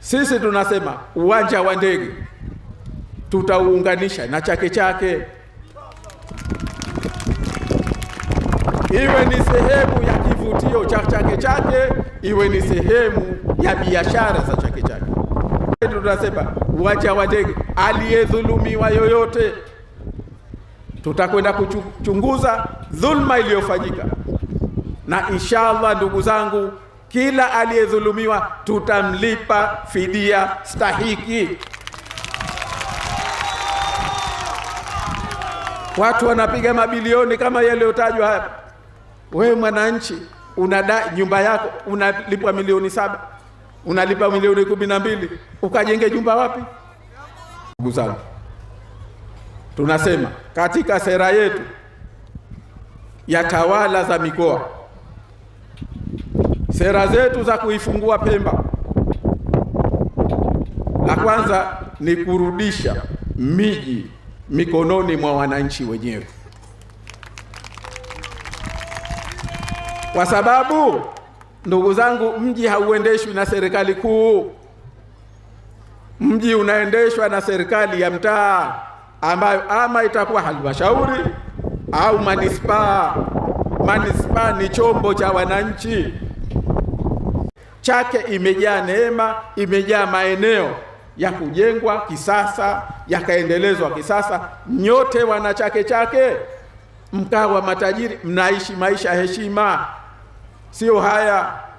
Sisi tunasema uwanja wa ndege tutauunganisha na Chake Chake iwe ni sehemu ya kivutio cha Chake Chake, iwe ni sehemu ya biashara za Chake Chake. Tunasema uwanja wa ndege, aliyedhulumiwa yoyote, tutakwenda kuchunguza dhulma iliyofanyika, na inshallah ndugu zangu kila aliyedhulumiwa tutamlipa fidia stahiki. Watu wanapiga mabilioni kama yaliyotajwa hapa. Wewe mwananchi unadai nyumba yako unalipwa milioni saba, unalipa milioni kumi na mbili, ukajenge nyumba wapi? Ndugu zangu, tunasema katika sera yetu ya tawala za mikoa Sera zetu za kuifungua Pemba, la kwanza ni kurudisha miji mikononi mwa wananchi wenyewe, kwa sababu ndugu zangu, mji hauendeshwi na serikali kuu. Mji unaendeshwa na serikali ya mtaa ambayo ama itakuwa halmashauri au manispaa. Manispaa ni chombo cha wananchi chake imejaa neema, imejaa maeneo ya kujengwa kisasa, yakaendelezwa kisasa. Nyote wana Chake Chake mkaa wa matajiri, mnaishi maisha heshima, sio haya